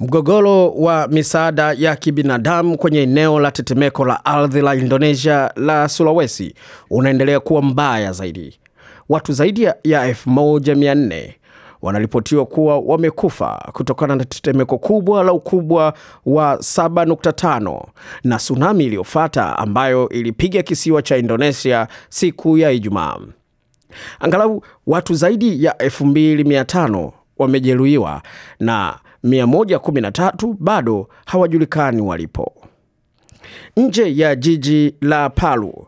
Mgogoro wa misaada ya kibinadamu kwenye eneo la tetemeko la ardhi la Indonesia la Sulawesi unaendelea kuwa mbaya zaidi. Watu zaidi ya elfu wanaripotiwa kuwa wamekufa kutokana na tetemeko kubwa la ukubwa wa 7.5 na tsunami iliyofuata ambayo ilipiga kisiwa cha Indonesia siku ya Ijumaa. Angalau watu zaidi ya 2500 wamejeruhiwa na 113 bado hawajulikani walipo. Nje ya jiji la Palu,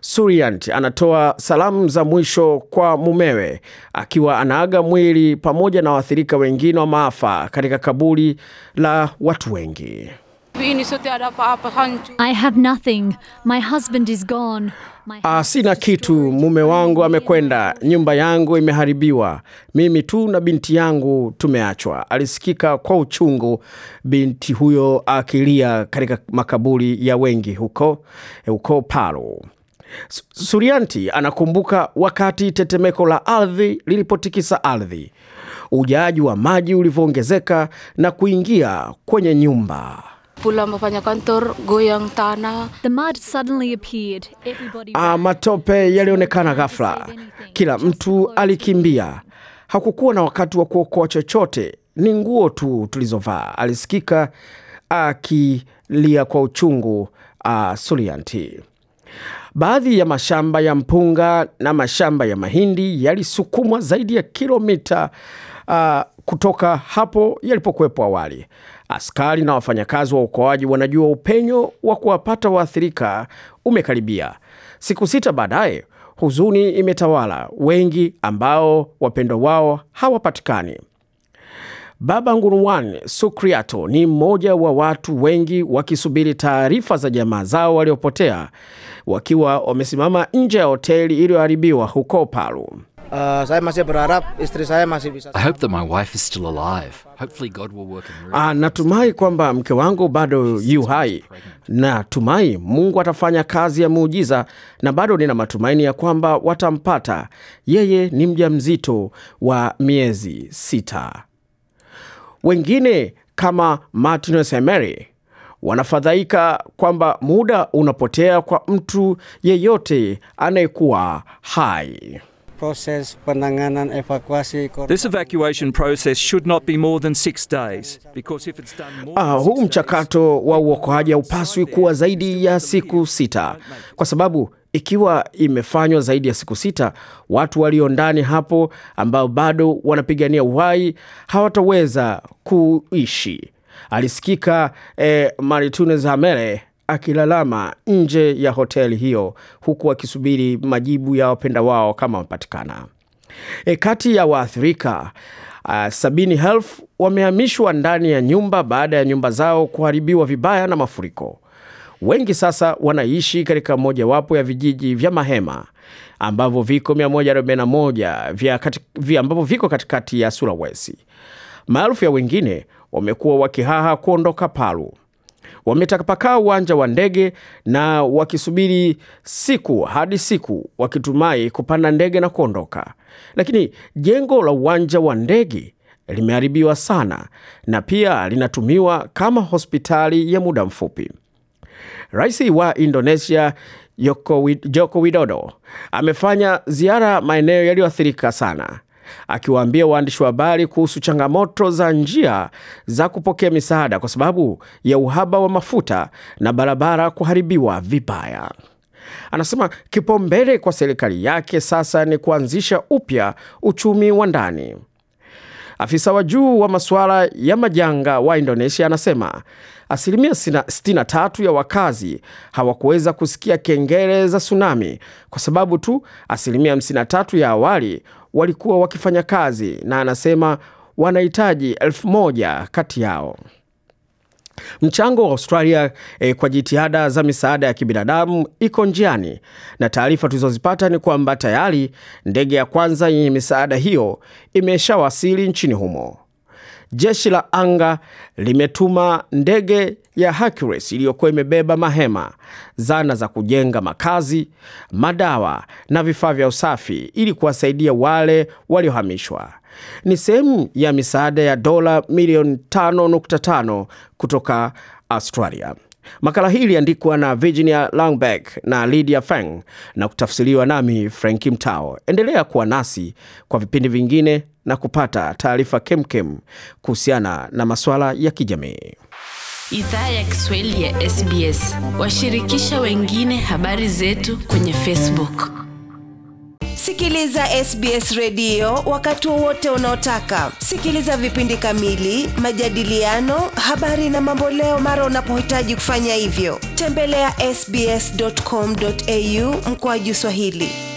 Suryant anatoa salamu za mwisho kwa mumewe akiwa anaaga mwili pamoja na waathirika wengine wa maafa katika kaburi la watu wengi. I have nothing. My husband is gone. My... Ah, sina kitu, mume wangu amekwenda, nyumba yangu imeharibiwa, mimi tu na binti yangu tumeachwa, alisikika kwa uchungu binti huyo akilia katika makaburi ya wengi huko, huko Palu. Surianti anakumbuka wakati tetemeko la ardhi lilipotikisa ardhi, ujaaji wa maji ulivyoongezeka na kuingia kwenye nyumba. The mud suddenly appeared. Everybody... Ah, matope yalionekana ghafla, kila mtu alikimbia. Hakukuwa na wakati wa kuokoa chochote, ni nguo tu tulizovaa, alisikika akilia kwa uchungu. Ah, Sulianti. Baadhi ya mashamba ya mpunga na mashamba ya mahindi yalisukumwa zaidi ya kilomita uh, kutoka hapo yalipokuwepo awali. Askari na wafanyakazi wa uokoaji wanajua upenyo wa kuwapata waathirika umekaribia. Siku sita baadaye, huzuni imetawala wengi ambao wapendo wao hawapatikani. Baba Nguruwan Sukriato ni mmoja wa watu wengi wakisubiri taarifa za jamaa zao waliopotea, wakiwa wamesimama nje ya hoteli iliyoharibiwa huko Palu. Uh, saya masih berharap istri saya masih bisa. I hope that my wife is still alive. Hopefully God will work in ah, natumai kwamba mke wangu bado yu hai. Natumai Mungu atafanya kazi ya muujiza, na bado nina matumaini ya kwamba watampata. Yeye ni mjamzito wa miezi sita. Wengine kama Martin Emery wanafadhaika kwamba muda unapotea kwa mtu yeyote anayekuwa hai penanganan evakuasi This evacuation process should not be more than six days because if it's done more... Ah, huu mchakato wa uokoaji haupaswi kuwa zaidi ya siku sita kwa sababu ikiwa imefanywa zaidi ya siku sita, watu walio ndani hapo ambao bado wanapigania uhai hawataweza kuishi. Alisikika eh, Martines Hamere akilalama nje ya hoteli hiyo huku akisubiri majibu ya wapenda wao kama wamepatikana. E, kati ya waathirika uh, sabini elfu wamehamishwa ndani ya nyumba baada ya nyumba zao kuharibiwa vibaya na mafuriko. Wengi sasa wanaishi katika mojawapo ya vijiji vya mahema ambavyo viko 141 vya kati, ambavyo viko katikati ya Sulawesi. Maelfu ya wengine wamekuwa wakihaha kuondoka Palu wametapakaa uwanja wa ndege na wakisubiri siku hadi siku wakitumai kupanda ndege na kuondoka. Lakini jengo la uwanja wa ndege limeharibiwa sana na pia linatumiwa kama hospitali ya muda mfupi. Rais wa Indonesia Joko Widodo amefanya ziara maeneo yaliyoathirika sana akiwaambia waandishi wa habari kuhusu changamoto za njia za kupokea misaada kwa sababu ya uhaba wa mafuta na barabara kuharibiwa vibaya. Anasema kipaumbele kwa serikali yake sasa ni kuanzisha upya uchumi wa ndani. Afisa wa juu wa masuala ya majanga wa Indonesia anasema asilimia 63 ya wakazi hawakuweza kusikia kengele za tsunami kwa sababu tu asilimia 53 ya awali walikuwa wakifanya kazi na anasema wanahitaji elfu moja kati yao. Mchango wa Australia eh, kwa jitihada za misaada ya kibinadamu iko njiani na taarifa tulizozipata ni kwamba tayari ndege ya kwanza yenye misaada hiyo imeshawasili nchini humo. Jeshi la anga limetuma ndege ya Hercules iliyokuwa imebeba mahema, zana za kujenga makazi, madawa na vifaa vya usafi ili kuwasaidia wale waliohamishwa. Ni sehemu ya misaada ya dola milioni 5.5 kutoka Australia. Makala hii iliandikwa na Virginia Langbeck na Lydia Feng na kutafsiriwa nami Franki Mtao. Endelea kuwa nasi kwa vipindi vingine na kupata taarifa kemkem kuhusiana na masuala ya kijamii idhaa ya Kiswahili ya SBS. Washirikisha wengine habari zetu kwenye Facebook. Sikiliza SBS redio wakati wowote unaotaka. Sikiliza vipindi kamili, majadiliano, habari na mamboleo mara unapohitaji kufanya hivyo. Tembelea sbs.com.au mkoaju Swahili.